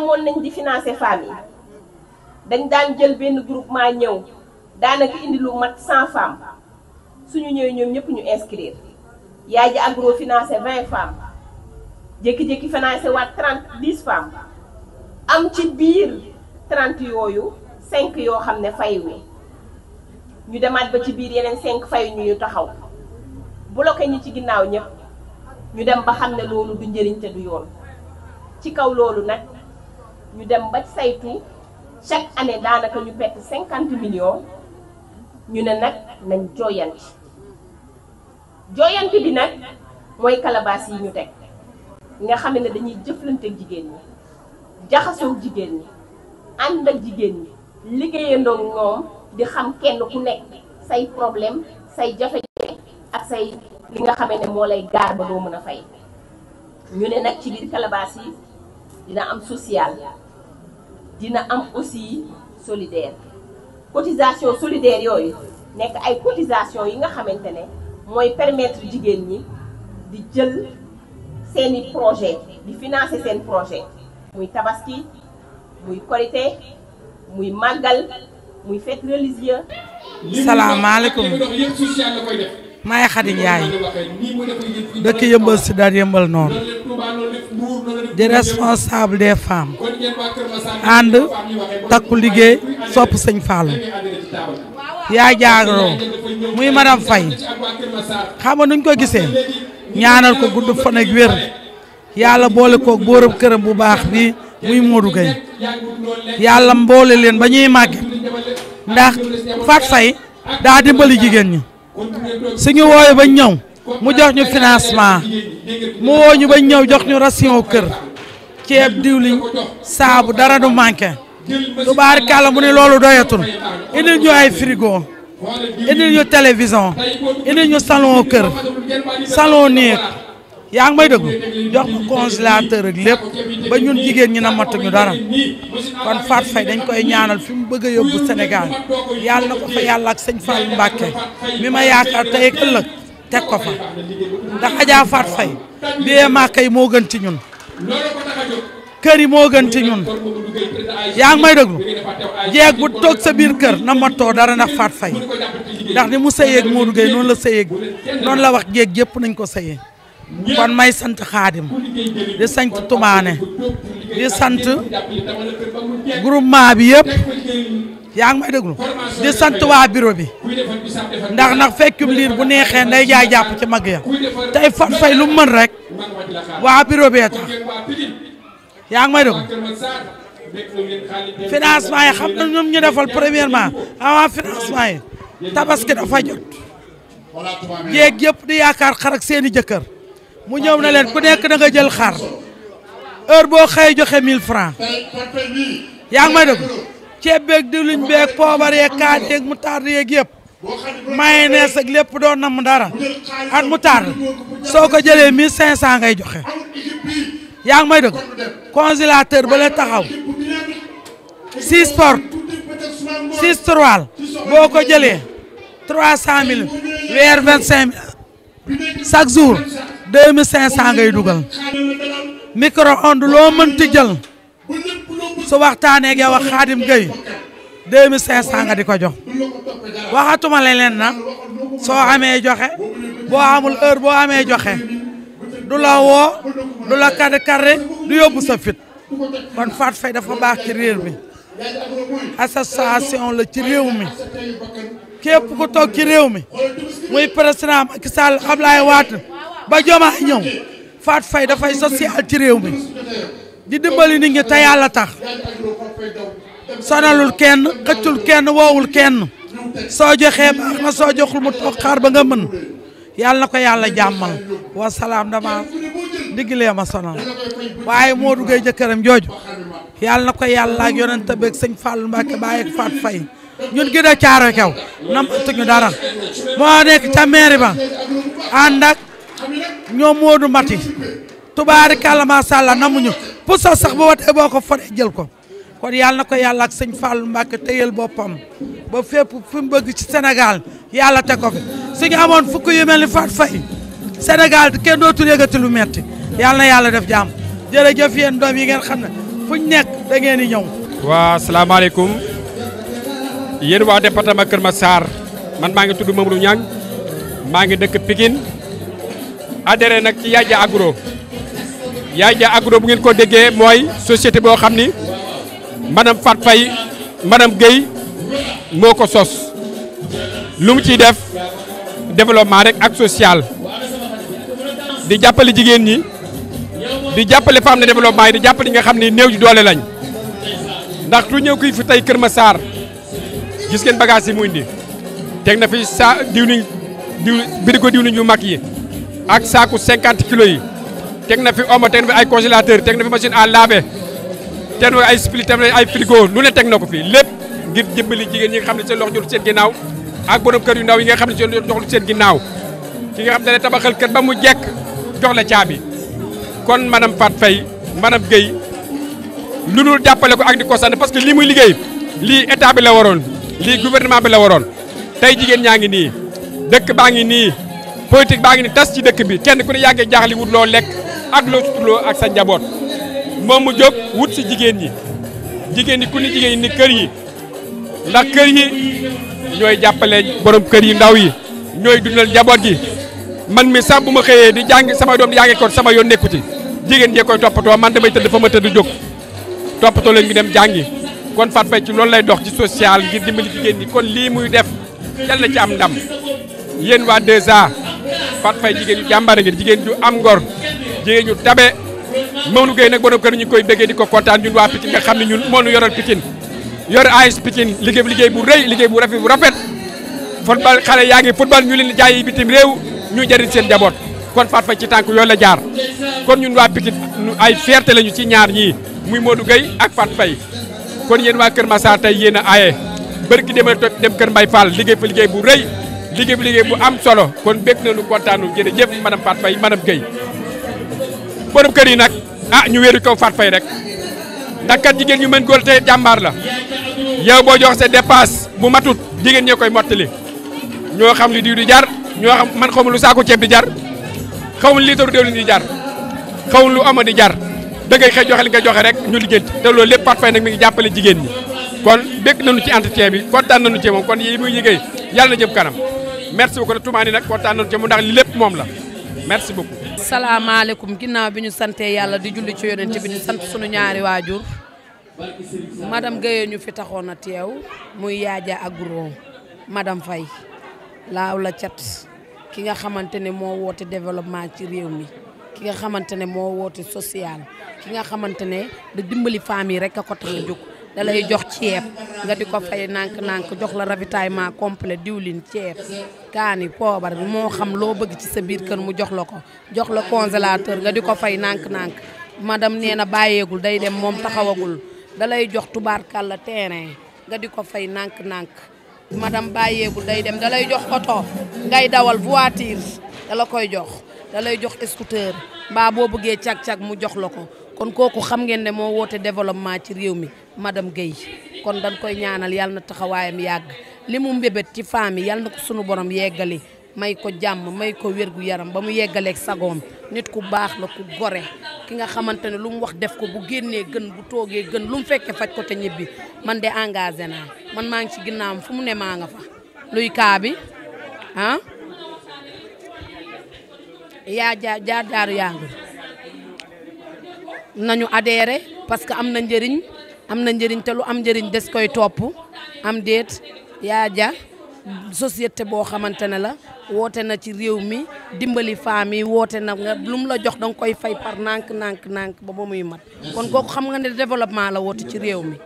tàmmoon nañ di financer femmes yi dañ daan jël benn groupement ñëw daanaka indi lu mat 100 femmes suñu ñëwee ñoom ñëpp ñu inscrire yaay ji agro financé 20 femmes jékki-jékki financé waat 30 10 femmes am ci biir 30 yooyu 5 yoo xam ne fayuñu ñu demaat ba ci biir yeneen 5 fayuñu ñu taxaw bloqué ñi ci ginnaaw ñëpp ñu dem ba xam ne loolu du njëriñ te du yoon ci kaw loolu nag. ñu dem ba saytu chaque année daanaka ñu perte cinquante millions ñu ne nag nañ jooyanti jooyanti bi nag mooy kalabaas yi ñu teg nga xam ne dañuy jëflante jigéen ñi jaxasoo jigéen ñi ànd ak jigéen ñi liggéeyandoo ñoom di xam kenn ku nekk say problème say jafe-jafe ak say li nga xamee ne moo lay gaar ba doo mën a fay ñu ne nag ci biir kalabaas yi dina am social dina am aussi solidaire cotisation solidaire yooyu nekk ay cotisation yi nga xamante ne mooy permettre jigéen ñi di jël seeni projet di financer seen projet muy tabaski muy korité muy màggal muy fête religieuse salaamaaleykum maay Xadi Njaay dëkk yëmbal si daal yëmbal noonu di responsable des femmes ànd takku liggéey sopp sëñ Fallou yaa jaaroo muy madame Faye xam nga nuñ ko gisee ñaanal ko gudd fan ak wér yàlla boole koog bóorab këram bu baax bi muy Modou yàlla mboole leen ba ñuy màgget ndax Fatou fay daa dimbali jigéen ñi suñu wooye ba ñëw mu jox ñu financement mu woo ñu bañ ñëw jox ñu ration kër ceeb diwliñ saabu dara du manqué tubaarkàlla mu ne loolu doyatul indil ñu ay frigo indil ñu télévision indil ñu salon kër salon néeg yaa ngi may dëggu jox mu congélateur ak lépp ba ñun jigéen ñi na matuñu dara kon fat fay dañ koy ñaanal fi mu bëgg a yóbbu Sénégal yàlla na ko fa yàlla ak sëñ Fall Mbacke mi ma yaakaar tey ak teg ko fa ndax Adja Fay biyee màkka yi moo gën ci ñun kër yi moo gën ci ñun yaa ngi may déglu jeeg bu toog sa biir kër na mottoo dara ndax Faat Fay ndax ni mu sëyeeg Modou Gueye noonu la sëyeeg noonu la wax jeeg yëpp nañ ko sëyee kon may sant xaadim di sant tumaane di sant groupement bi yëpp yaa may déglu di sant waa bureau bi ndax nag fekkum liir bu neexee nday jaay jàpp ci mag ya tey Fat Faye lu rek waa bureau bee tax yaa may déglu financement yi xam na ñoom ñu defal premièrement avant ah, financement yi tabaski na jot jéeg yëpp di yaakaar xar seeni jëkkër mu ñëw na leen ku nekk na nga jël xar heure boo xëy joxe 1000 francs yaa may déglu ceeb beeg diwliñ beeg poobar yeeg kaani yeeg moutarde yeeg yëpp mayonnaise ak lépp doon na mu dara ak moutarde soo ko jëlee mille cinq cent ngay joxe yaa ngi may dëgg congélateur ba taxaw six portes six tiroirs boo ko jëlee trois cent mille weer vingt cinq mille chaque jour deux mille cinq cent ngay dugal micro onde loo mënti su waxtaanee ak yow Xaadim Gueye 2500 nga di ko jox waxatuma leen na soo amee joxe boo amul heure boo amee joxe du la woo du la kar karre du yóbbu sa kon Fatou Faye dafa baax ci réew mi association ci réew mi képp ku toog ci réew mi muy président Macky Sall Abdoulaye ba Diomaye ñëw Fatou Faye dafay social ci réew mi di dimbali nit ñi te yàlla tax sonalul kenn xëccul kenn woowul kenn soo baax na soo mu toog xaar ba nga mën yàlla na ko yàlla jàmmal wasalaam dama ndigilee ma sonal waaye moo duggee jëkkëram jooju yàlla na ko yàlla ak yonent beeg sëñ Fallou Mbacke Baye ak Fatou ñun gi da caaro kew nam atuñu dara moo nekk ca mairie ba ànd ak ñoom Modou Mati tubaarikàlla macha allah namuñu puso sax bu watee boo ko foree jël ko kon yàlla na ko yàlla ak sëñ Fallou Mbacke téyel boppam ba fépp fu mu bëgg ci senegal yàlla te ko fi suñu amoon fukk yu mel ni Fatou Faye Sénégal kenn dootul yëgati lu metti yàlla na yàlla def jàmm jërëjëf yéen doom yi ngeen xam ne fuñ nekk da ngeen di ñëw. waa asalaamaaleykum yéen waa département Kër Massar man maa ngi tudd Mamadou Niang ngi dëkk Pikine adhéré nag ci Yadja Yaye Dia Agro bu ngeen ko déggee mooy société boo xam ni madame Fat fay madame Guèye moo ko sos lu mu ciy def développement rek ak social di jàppale jigéen ñi di jàppale femme de développement yi di jàppale ñi nga xam ni néew ji doole lañ ndax tu ñëw kii fi tey Kër Massar gis ngeen bagage yi mu indi teg na fi sa diw niñ diw ko diw yu mag yi ak saaku 50 kilos yi teg na fi omo teg na fi ay congélateur teg na fi machine à laver teg ay split teg na ay frigo lu ne teg na ko fi lépp ngir jëmbali jigéen ñi xam ne seen loxo jotul seen ginnaaw ak borom kër yu ndaw yi nga xam ne seen loxo jotul seen ginnaaw ki nga xam ne tabaxal kër ba mu jekk jox la caabi kon madame Fatou Faye madame Guèye lu dul jàppale ko ak di ko sant parce que lii muy liggéey lii état bi la waroon lii gouvernement bi la waroon tey jigéen ñaa ngi nii dëkk baa ngi nii politique baa ngi nii ci dëkk bi kenn ku ne yaa loo lekk. ak loo ak sa njaboot moom mu jóg wut si jigéen ñi jigéen ñi ku ni jigéen ñi ni kër yi ndax kër yi ñooy jàppale borom kër yi ndaw yi ñooy dundal njaboot ji man mi sax bu ma xëyee di jàngi sama doom di jàngi sama yoon nekku ci jigéen ñee koy toppatoo man damay tëdd fa ma tëdd jóg toppatoo leen mi dem jàngi kon Fatou Faye ci loolu lay dox ci social ngir dimbali jigéen ñi kon lii muy def yal na ci am ndam yéen waa 2A Fatou Faye jigéen ju jàmbaare ngeen jigéen am ngor jigéen ñu tabe Mamadou Gueye nag borom kër ñu koy béggee di ko kontaan ñun waa Pikine nga xam ne ñun moo ñu yoral Pikine yor AS Pikine liggéey liggéey bu rëy liggéey bu rafet bu rafet football xale yaa ngi football ñu leen jaay yi bitim réew ñu jariñ seen jaboot kon Fatou Faye ci tànk yoo la jaar kon ñun waa nu ay fierté lañu ci ñaar ñi muy Modou Gueye ak Fatou Faye kon yéen waa Kër Massar tey yéen a aaye bër ki demee dem Kër Mbaye Fall liggéey fa liggéey bu rëy liggéey bu liggéey bu am solo kon bég na nu kontaanu jërëjëf madame Fatou Faye madame Gueye borom kër yi nag ah ñu wéeru kaw Fatou Faye rek ndax kat jigéen ñu mën góor te jàmbaar la yow boo jox se dépasse bu matut jigéen ñee koy mottali ñoo xam li diw di jar ñoo xam man xaw ma lu saako ceeb di jar xaw ma litre diwlin di jar xaw ma lu ama di jar da ngay xëy joxe li nga joxe rek ñu liggéey te loolu lépp Fatou Faye nag mi ngi jàppale jigéen ñi kon bëgg nañu ci entretien bi kontaan nañu ci moom kon yi muy liggéey yàlla na jëm kanam merci beaucoup nag tumaani nag kontaan nañu ci moom ndax li lépp moom la merci beaucoup salaamaaleykum ginnaaw bi ñu santee yàlla di julli ci yonent bi di sant sunu ñaari waajur madame Guèye ñu fi taxoon a teew muy yaaja ak guro madame Faye laaw la cat ki nga xamante ne moo woote développement ci réew mi ki nga xamante ne moo woote social ki nga xamante ne da dimbali femmes yi rek a ko tax a jóg da jox ceeb nga di ko fay nànk-nànk jox la ravitaillement complet diwlin ceeb kaani poobar moo xam loo bëgg ci sa biir kër mu jox la ko jox la congélateur nga di ko fay nànk-nànk madam nee na bàyyeegul day dem moom taxawagul da lay jox tubaarkàlla terrain nga di ko fay nànk-nànk madame bàyyeegul day dem da jox oto ngay dawal voiture da la koy jox da lay jox scooter baa boo bëggee cag-cag mu jox la ko kon kooku xam ngeen ne moo woote développement ci réew mi madame Guèye kon dañ koy ñaanal yàlla na taxawaayam yàgg li mu mbébét ci femme yi yàlla na ko sunu borom yeggali may ko jàmm may ko wérgu yaram ba mu yeggaleeg sagoom nit ku baax la ku gore ki nga xamante ne lu mu wax def ko bu génnee gën gu toogee gën lu mu fekkee faj ko te ñibbi man de engagé naa man maa ngi ci ginnaawam fu mu ne maa nga fa luy kaa bi ah yaa jaar jaar yaa ngi nañu adhéré parce que am na njëriñ am na njëriñ te lu am njëriñ des koy topp am déet Yaa Ja société boo xamante ne la woote na ci réew mi dimbali femmes yi woote na nga lu mu la jox danga koy fay par nànk nànk nànk ba ba muy mat kon kooku xam nga ne développement la woote ci réew mi